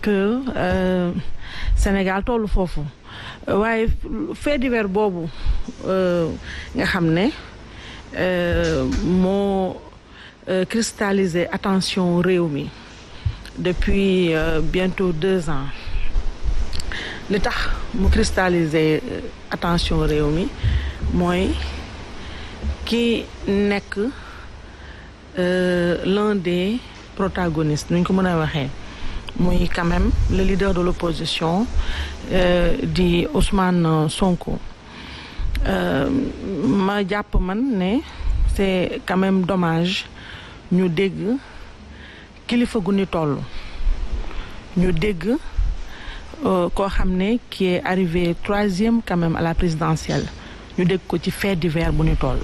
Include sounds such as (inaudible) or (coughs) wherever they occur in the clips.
que euh, Sénégal tout le waaye fait divers euh nga xamné euh mo euh, cristalliser attention Rémi, depuis euh, bientôt deux ans L'État tax cristallisé cristalliser attention Rémi, moy qui l'un des protagonistes Nous ko muy quand même le leader de l'opposition euh, di Ousmane Sonko euh, ma jàpp man ne c'est quand même dommage ñu dégg kilifa faut ni toll ñu dégg euh, koo qui est arrivé troisième quand même à la présidentielle ñu dégg ko ci fait divers bu ñu toll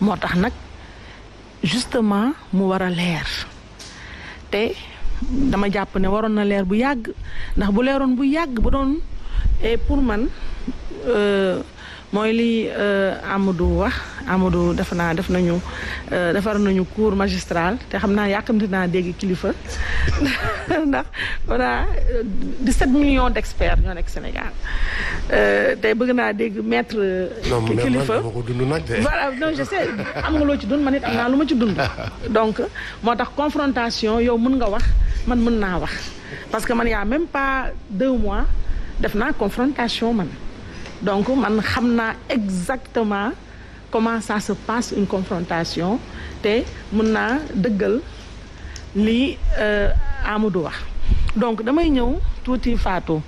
motax nak justement mu wara l'air. té dama jàpp ne waroon na leer bu yàgg ndax bu leeroon bu yàgg bu doon pour man euh, mooy li euh, Amadou wax Amadou def naa def nañu euh, defar nañu cours magistral te xam naa yàkkamti naa dégg kilifa (laughs) ndax voilà euh, 17 millions d' experts ñoo nekk Sénégal tey bëgg naa dégg maître. kilifa voilà non je sais am nga loo ci dund man it am naa lu ma ci dund. (laughs) donc moo tax confrontation yow mën nga wax man mën naa wax parce que man y' a même pas deux mois def naa confrontation man donc je sais exactement comment ça se passe une confrontation te mën naa ce li euh, Amadou wax donc damay ñëw tuuti qui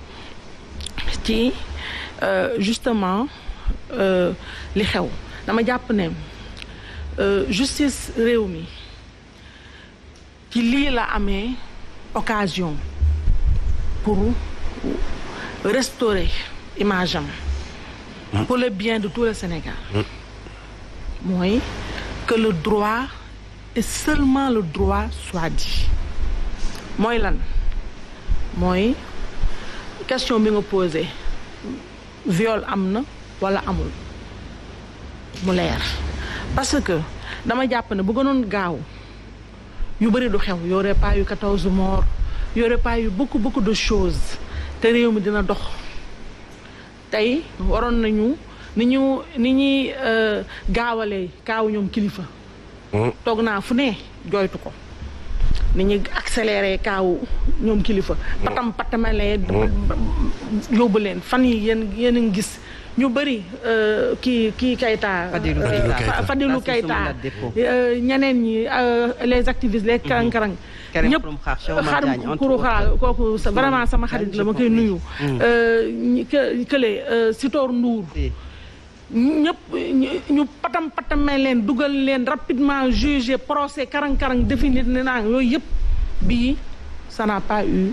ci euh, justement euh, li xew dama jàpp euh, justice réew qui li la amé occasion pour restaurer image pour le bien de tout le Sénégal. Mm. que le droit et seulement le droit soit dit Moi, lan moi, question me nga viol amna, na viol amul parce que dans ma diapone, si gënoon gaaw yu pas eu 14 morts il n'y aurait pas eu beaucoup beaucoup de choses tey waroon nañu ni ñu ni ñuy euh, gaawalee kaaw ñoom kilifa. Hmm. toog naa fu ne jooytu ko. ni ñuy accéléré kaaw ñoom kilifa. Hmm. patam patamalee. Hmm. yóbbu leen fan yi yéen yéen a gis ñu bëri euh, kii kii Kayta. Fadilou Kayta euh, Fadilou Kayta ñeneen ñi les activistes les karang-karang Karim Xurum Xax Xarum Xuru Xax kooku vraiment sama xarit la ma koy nuyu. Mm. Euh, kële euh, Sitor Ndour. ñëpp ñu patam patamee leen dugal leen rapidement jugé procès karang karang définir ne naa yooyu yëpp bii ça n'a pas eu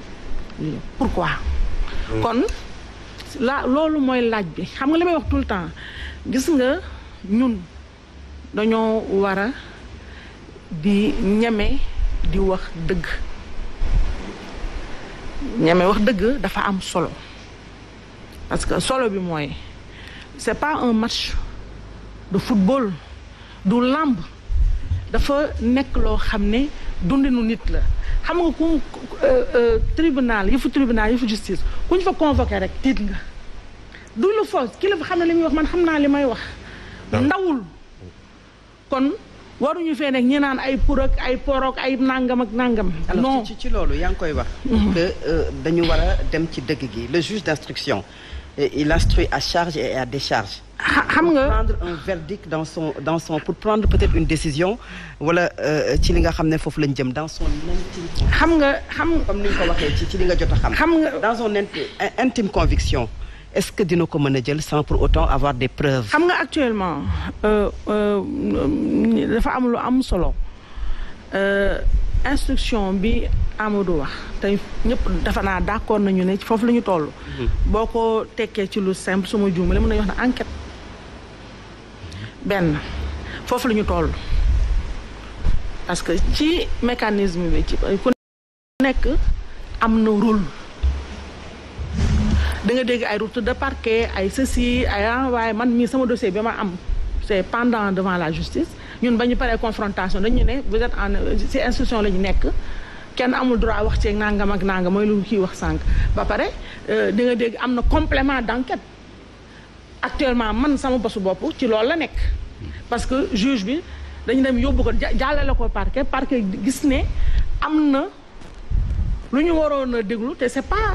pourquoi. Mm. kon la loolu mooy laaj bi xam nga li wax tout le temps gis nga ñun dañoo war a di ñeme. di wax dëgg ñeme wax dëgg dafa am solo parce que solo bi mooy c'est pas un match de football du lamb dafa nekk loo xam ne dundinu nit la xam nga ku euh, euh, tribunal yëfu tribunal yëfu justice ku ñu fa convoqué rek tiit nga duñ la foos kilifa xam ne li muy wax man xam naa li may wax ndawul kon waruñu fee nag ñi naan ay pour ak ay porok ay nangam ak nangam. non ci ci lolu yang koy wax. Mhm. que euh, dañu wara a dem ci dëgg gi le juge d'instruction. il instruit à charge et à décharge. xam nga prendre un verdict dans son dans son pour prendre peut-être une décision wala euh, ci li nga xamné fofu lañu jëm dans son intime. xam nga xam comme ni nga ko waxee ci ci li nga jot xam. xam nga dans son intime conviction est-ce que dina ko mën jël sans pour autant avoir des preuves. xam nga actuellement euh, euh, dafa am lu am solo euh, instruction bi Amadou wax tay ñep dafa na d'accord nañu ne fofu lañu tollu Boko mhm. boo ci lu simple suma juumale mën mëna wax na enquête Ben, fofu lañu tollu parce que ci mécanisme bi ci ku nek am na rôle. da nga dégg ay retour de parquet ay ceci ay ah, envoyé man mii sama dossier bi ma am c'est pendant devant la justice ñun ba ñu paree confrontation dañu ne vous êtes en ci institution la ñu nekk kenn amul droit wax ci nangam ak nangam mooy lu kii wax sànq ba pare euh, da dégg am na complément d'enquête actuellement man sama bosu bopp ci loolu la nekk parce que juge bi dañu dem yóbbu ko jàllale ko parquet parquet gis ne am na lu ñu waroon déglu te c'est pas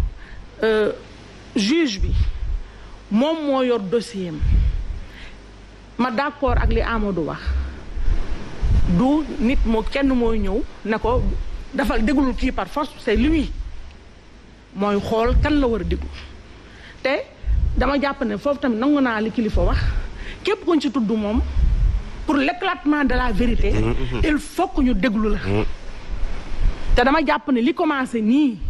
Euh, juge bi moom moo yor dossier am ma d'accord ak li du wax du nit moo kenn mooy ñëw ne ko defal déglul kii par force c'est lui mooy xool kan la war a déglu te dama jàpp ne foofu tamit nangu naa li kilifa wax képp kuñ ci tudd moom pour l'éclatement de la vérité mm-hmm. il faut ñu déglu la mm-hmm. te dama jàpp ne li commencé nii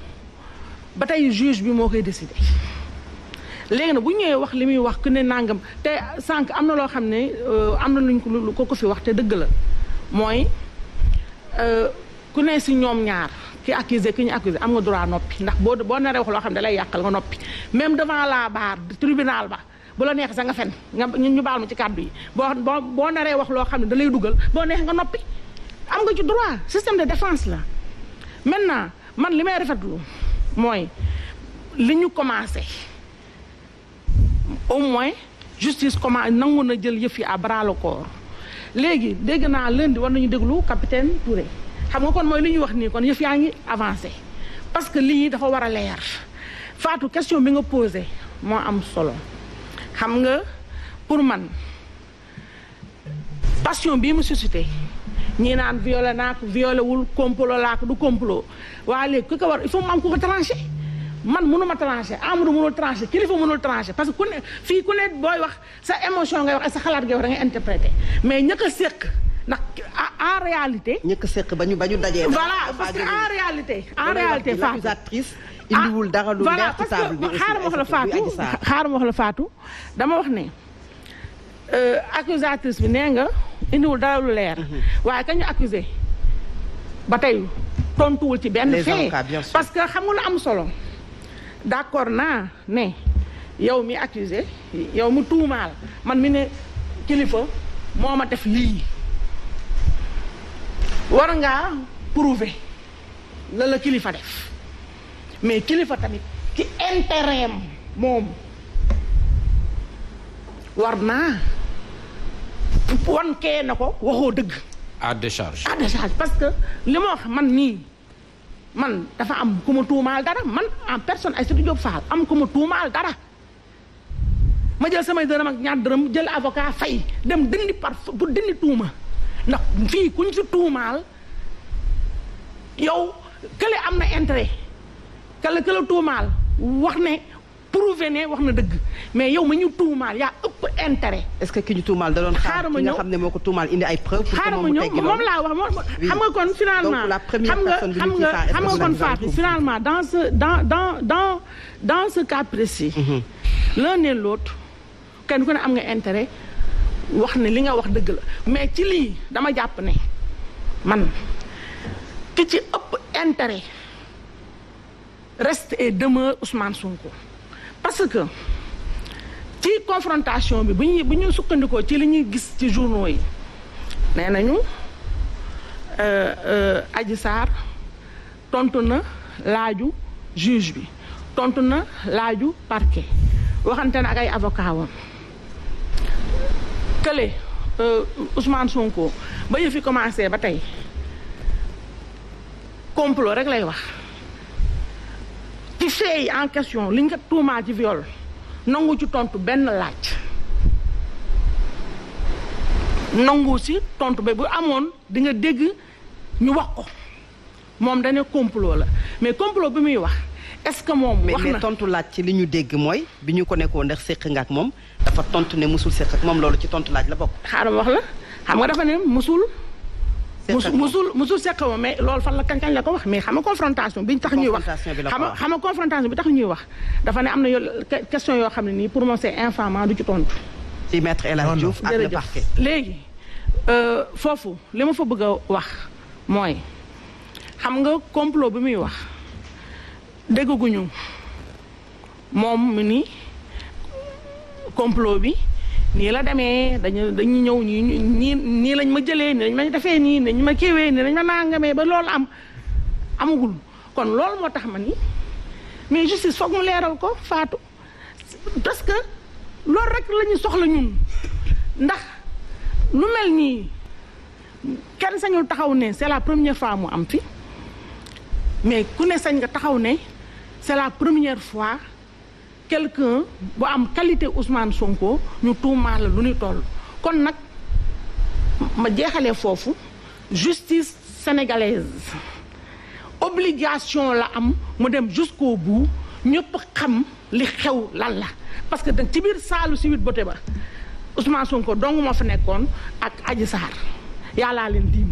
ba tey juge bi moo koy décidé léegi nag bu ñëwee wax li muy wax ku ne nangam te sànq am na loo xam ne euh, am na luñ ko ko fi wax te dëgg la mooy euh, ku ne si ñoom ñaar ki accusé ki ñu accusé am nga droit noppi ndax boo boo naree wax loo xam ne da lay yàqal nga noppi même devant la barre tribunal ba bu la neexee sa nga fen nga ñu baal ma ci kàddu yi boo boo boo naree wax loo xam ne da lay dugal boo neexee nga noppi am nga ci droit système de défense la maintenant man li may rafetlu. mooy li ñu commencé au moins justice commencé nangu na jël yëf yi à bras corps léegi dégg naa lundi war nañu déglu capitaine pour xam nga kon mooy li ñu wax nii kon yëf yaa ngi avancé parce que lii dafa war a leer faatu question bi nga posé moo am solo xam nga pour man passion bii mu suscité ñii naan violé naa ko violé wul complot laa ko du complot waa léegi ku ko war il faut mu am ku ko tranché man mënu ma tranché Amadou mënul tranché kilifa mënul tranché parce que ku ne fii ku ne booy wax sa émotion ngay wax sa xalaat ngay wax da ngay interprété mais ñëkk a ndax en réalité. ñëkk a ba ñu ba ñu dajee. voilà parce que en réalité. en réalité Fatou indiwul ah, dara lu leer ci table bi aussi xaaral ma wax la Fatou xaaral ma wax la Fatou dama wax ne euh, accusatrice bi nee nga. indiwul dara leer. Mhm. waaye kañu accusé ba tey tontuwul ci benn fee parce que xam nga lu am solo d'accord naa ne yow mi accusé yow mu tuumaal man mi ne kilifa moo ma def lii war ngaa prouver la kilifa def mais kilifa tamit ci intérêt moom war naa wan kee na ko waxoo dëgg. à décharge à décharge parce que li ma wax man nii man dafa am ku ma tuumaal dara man en personne ay Aïssatou Diop am ku ma tuumaal dara ma jël samay dërëm ak ñaar dërëm jël avocat fay dem dindi par bu dindi tuuma ndax fii kuñ si tuumaal yow kële am na intérêt kële kële tuumaal wax ne prouvé ne wax na dëgg mais yow ma ñu tuumaal yaa ëpp intérêt. est-ce que ki ñu tuumaal da doon xaar ki nga xam ne moo indi ay preuve pour que moom mu teggi moom laa wax xam nga kon finalement. donc la première personne xam nga xam nga kon Fatou finalement dans ce dans dans dans dans ce cas précis. Mhm. l'un et l'autre kenn ku ne am nga intérêt wax ne li nga wax dëgg la mais ci lii dama jàpp ne man ki ci ëpp intérêt reste et demeure Ousmane Sonko. parce que ci confrontation bi bu ñu bu ñu sukkandikoo ci li ñuy gis ci journaux yi nee nañu euh, euh, Adji Sarr tontu na laaju juge bi tontu na laaju parquet waxante na ak ay avocat wam kële euh, Ousmane Sonko ba yëf yi commencé ba tey complot rek lay wax ci fee en question liñ ko tuumaa ci viol nangu ci tontu benn laaj nangu si tontu ba bu amoon di nga dégg ñu wax ko moom dane complot la mais complot bi muy wax est-ce que moom wax na tontu laaj ci li ñu dégg mooy bi ñu ko nekkoon ndax séq nga ak moom dafa tontu ne musul séq ak moom loolu ci tontu laaj la bokk xaaral wax la xam nga dafa ne musul musul musul mais loolu fan la la ko wax mais xam confrontation biñ tax ñuy wax xam confrontation bi ne question pour moom infamant du ci tontu maître El Hadj ak le parquet léegi euh, foofu li ma fa bëgg wax mooy xam nga complot bi muy wax complot nii la demee dañu dañu ñëw ñu nii nii lañ ma jëlee nii lañ ma defee nii nii lañ ma kiiwee nii lañ ma nangamee ba loolu am amagul kon lool moo tax ma ni mais justice foog mu leeral ko faatu parce que loolu rek la ñu soxla ñun ndax lu mel nii kenn sañul taxaw ne c'est la première fois mu am fi mais ku ne sañ nga taxaw ne c'est la première fois quelqu'un bu am qualité Ousmane Sonko ñu tuumaal la lu ñu toll kon nak ma jeexalee fofu justice sénégalaise obligation la am mu dem jusqu'au bout ñëpp xam li xew lan la parce que ci bir salu ci wit boté ba Ousmane Sonko dong moo fa nekkoon ak Adji Sarr yàllaa leen diim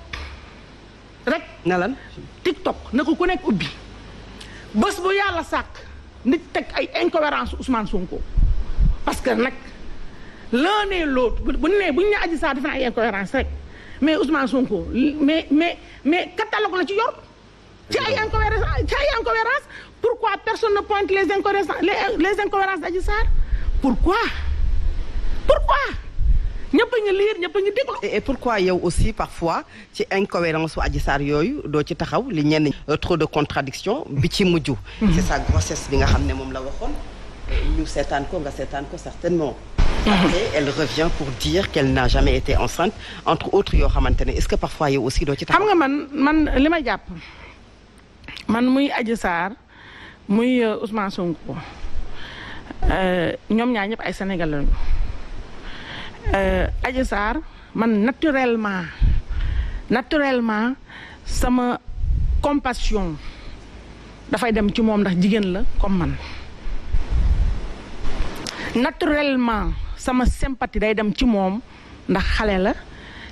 rek na lan TikTok na ko ku nekk ubbi bés bu yàlla sàkk nit teg ay incohérence Ousmane Sonko parce que nag l'un et l'autre bu ñu nee bu ñu nee Adji Sarr def na ay incohérence rek mais Ousmane Sonko mais mais catalogue la ci yor ci ay incohérence ci ay incohérence pourquoi personne ne pointe les incohérences les incohérences d'Adji Sarr pourquoi pourquoi ñëpp a ngi liir ñëpp a et pourquoi yow aussi parfois ci incohérence wu Adji Sarr yooyu doo ci taxaw li ñenn euh, trop de contradictions, bi ci mujj. Mhm. c'est sa grossesse bi nga xam ne moom la waxoon ñu seetaan ko nga seetaan ko certainement. Mhm. Après, elle revient pour dire qu'elle n'a jamais été enceinte entre autres yoo xamante est-ce que parfois yow aussi doo ci taxaw. xam nga man man li ma man muy Adji Sarr muy euh, Ousmane Sonko euh, ñoom ñaar ñëpp ay Sénégalais Euh, Adji man naturellement naturellement sama compassion dafay dem ci moom ndax jigéen la comme man naturellement sama sympathie day dem ci moom ndax xale la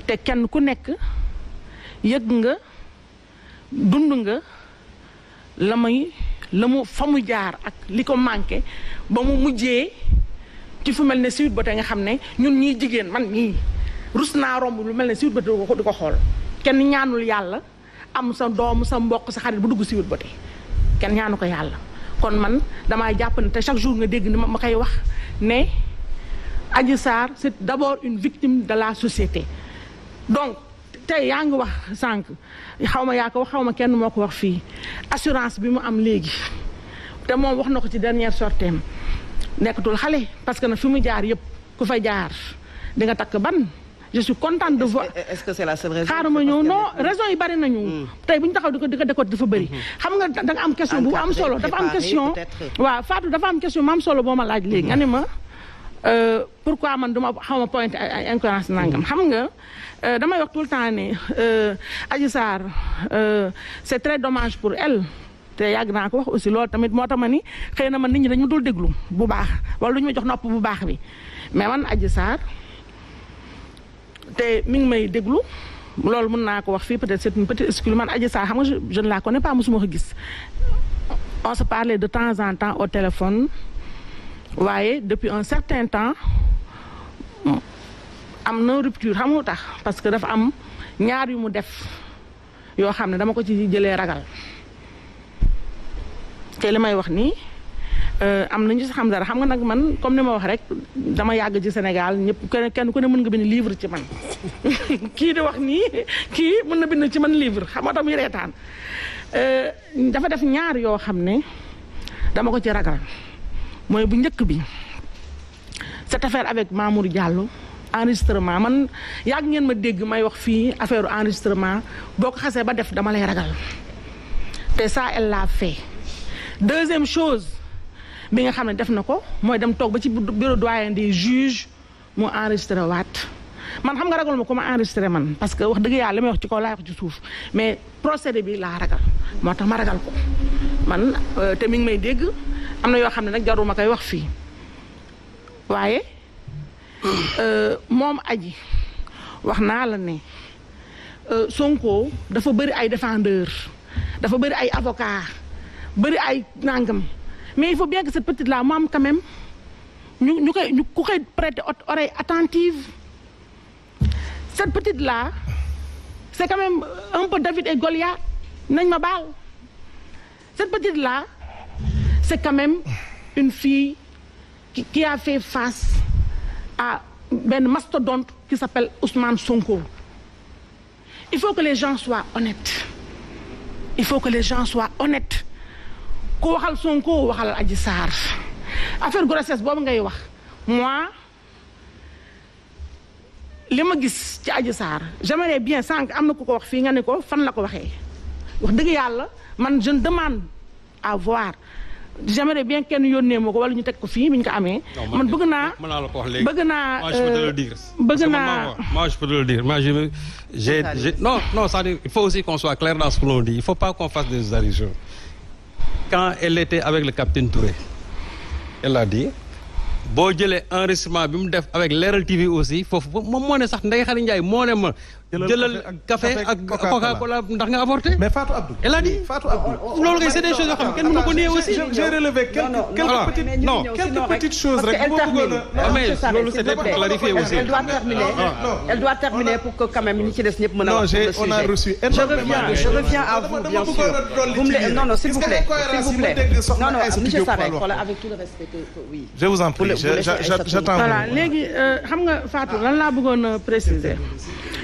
te kenn ku nekk yëg nga dund nga la muy la mu fa mu jaar ak li ko manqué ba mu mujjee ci fu mel ne Sweet Beauté nga xam ne ñun ñii jigéen man mii rus naa romb lu mel ne Sweet Beauté di ko xool kenn ñaanul yàlla am sa doom sa mbokk sa xarit bu dugg Sweet Beauté kenn ñaanu ko yàlla kon man damaa jàpp ne te chaque jour nga dégg ni ma koy wax ne Adji Sarr c'est d'abord une victime de la société donc tey yaa ngi wax sànq xaw ma yaa ko wax xaw ma kenn moo ko wax fii assurance bi mu am léegi te moom wax na ko ci dernière sorteem nekkatul xale parce que na fi mu jaar yëpp ku fa jaar di nga takk ban. je suis contente de vous est-ce que c'est la seule raison xaaruma non raison yi bari nañu hmm. tay bu taxaw diko diko di ko décote dafa bëri hmm. xam nga da nga am question bu am solo dafa am question wa Fatou dafa am question mam solo boma laaj léegi hmm. nga ne ma euh, pourquoi man duma xaw point ay incohérence nangam xam nga euh damay wax tout le temps euh aji sar euh c'est très dommage pour elle te yàgg naa ko wax aussi loolu tamit moo tax ma ni xëy na man nit ñi dañu dul déglu bu baax wala lu ma jox nopp bu baax bi mais man aji Sarr te mi ngi may déglu loolu mën naa ko wax fii peut-être c'est une petite excuse man aji Sarr xam nga je ne la connais pas mosuma ko gis on se parlait de temps en temps au téléphone waaye depuis un certain temps am na rupture nga tax parce que dafa am ñaar yu mu def yoo xam ne dama ko ci jëlee ragal te li may wax nii euh, am nañ ñu xam dara xam nga nag man comme ni ma wax rek dama yàgg ci Sénégal ñëpp kenn kenn ku ne mën nga bind livre ci man (laughs) kii di wax nii kii mën na bind ci man livre xam nga tamit reetaan euh, dafa def ñaar yoo xam ne dama ko ci ragal mooy bu njëkk bi cette affaire avec Mamour Diallo enregistrement man yàgg ngeen ma dégg may wax fii affaire enregistrement boo ko xasee ba def dama lay ragal te ça elle fait deuxième chose bi nga xam ne def na ko mooy dem toog ba ci bureau doyen des juges mu enregistré waat man xam nga ragal ma ko ma enregistré man parce que wax dëgg yàlla li may wax ci kaw mais procédé bi laa ragal moo tax ma ragal ko man euh, te mi ngi may dégg am na yoo xam ne nag jaruma koy wax fii waaye euh, moom aji wax naa la ne euh, Sonko dafa bëri ay défendeur dafa bëri ay avocat mais il faut bien que cette petite là moi quand même nous nous près oreille attentive cette petite là c'est quand même euh, un peu David et Goliath cette petite là c'est quand même une fille qui, a fait face à un mastodonte qui s'appelle Ousmane Sonko il faut que les gens soient honnêtes il faut que les gens soient honnêtes ku waxal Sonko waxal aji Sarr affaire grossesse boobu ngay wax moi li ma gis ci aji Sarr j'aimerais bien sànq am na ku ko wax fii nga ne ko fan la ko waxee wax dëgg yàlla man je demande à voir j'aimerais bien kenn yónnee ma ko wala ñu teg ko fii bi ko amee. man bëgg naa mën naa la ko wax léegi. bëgg naa moi je peux te le dire. Euh, bëgg naa moi je peux te le dire moi je. j'ai non non ça dire il faut aussi qu'on soit clair dans ce que l'on dit il faut pas qu'on fasse des allusions quand elle était avec le capitaine Touré elle a dit bo jëlee enregistrement bi mu def avec Leral TV aussi fofu moom moo sax Ndeye Khady Ndiaye moo ne ma jëlal café ak coca cola ndax nga avorté. mais Fatou Abdou. elle a dit Fatou Abdou. lolu kay c'est des choses yo xam kenn mënu ko néew aussi. j'ai relevé quelques quelques petites non quelques petites choses rek. boo bëggoon a ah, mais loolu c'était pour clarifier aussi. elle doit terminer elle doit terminer pour que quand même ni ci dess ñep mëna non j'ai on a reçu énormément de je reviens à vous bien sûr. vous me non non s'il vous plaît s'il vous plaît non non monsieur Sarr voilà avec tout le respect que oui. je vous en prie j'attends voilà légui xam nga Fatou lan la bëggone préciser.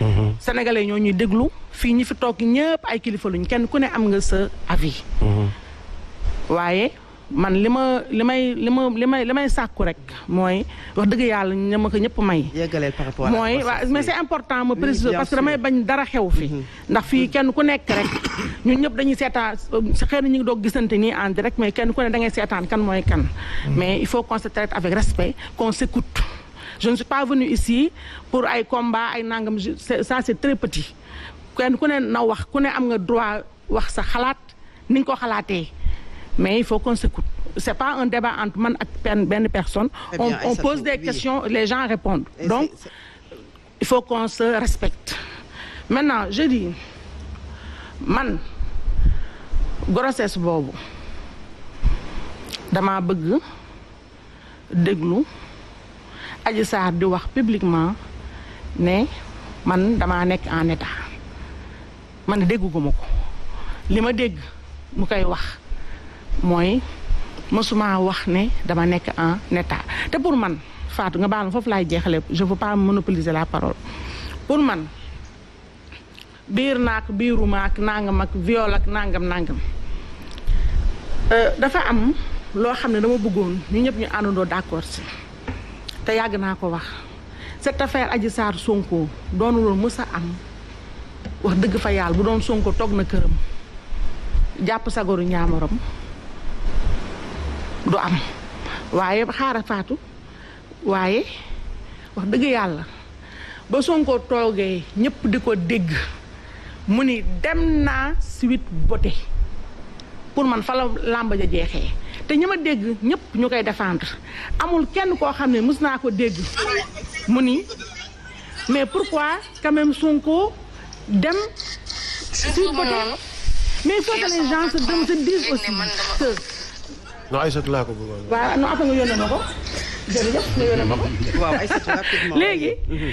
Mhm. sénégalais ñoo ñuy déglu fii ñu fi toog ñëpp ay kilifa luñ kenn ku ne am nga sa avis. Mhm. waaye man li ma li may li ma li may li may sàkku rek mooy wax dëgg yàlla ñu ma ko ñëpp may. yeggaleel par rapport mooy waaw mais c'est important ma préciser parce que damay bañ dara xew fi mhm. ndax fii kenn ku nekk rek (coughs) ñun ñëpp dañuy seetaan xëy na ñu ngi doog gisante nii en direct mais kenn ku ne da ngay seetaan kan mooy kan. mais il faut qu'on avec respect qu'on je ne suis pas venu ici pour ay combat ay nangam ça c'est très petit Quand on est na wax on est droit wax sa xalaat ni mais il faut qu'on s'écoute c'est pas un débat entre man eh et ben personne on, pose des questions les gens répondent donc il faut qu'on se respecte maintenant je dis man grossesse boobu dama bëgg déglu Adji Sarr di wax publiquement ne man damaa nekk en état man dégguma ko li ma dégg mu koy wax mooy mësuma wax ne dama nekk en état te pour man Fatou nga baal ma foofu laay jeexale je veux pas monopoliser la parole pour man biir naak biiru maak nangam ak viol ak nangam nangam euh, dafa am loo xam ne dama buggoon ñu ñëpp ñu àndandoo d'accord si te yàgg naa ko wax cette affaire Adji Sarr Sonko doonuloon mës a am wax dëgg fa yàlla bu doon Sonko toog na këram jàpp sagoru ñaamaram du am waaye xaara faatu waaye wax dëgg yàlla ba Sonko toogee ñépp di ko dégg mu ni dem naa suite bote pour man fa la làmba jeexee te ñi ma dégg ñëpp ñu koy défendre amul kenn koo xam ne mës naa ko dégg mu ni mais pourquoi quand même Sonko dem sur côté mais il faut que les gens se dem se disent aussi que non Aïssatou laa ko bëggoon waaw non après nga yónnee ma ko jërëjëf nga yónnee ma ko léegi mhm.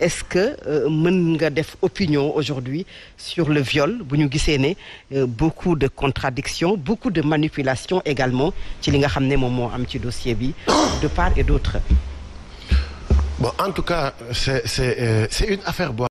est-ce que vous euh, nga def opinion aujourd'hui sur le viol bu ñu euh, beaucoup de contradictions beaucoup de manipulations également ci li nga xamné un dossier de part et d'autre bon en tout cas c'est euh, une affaire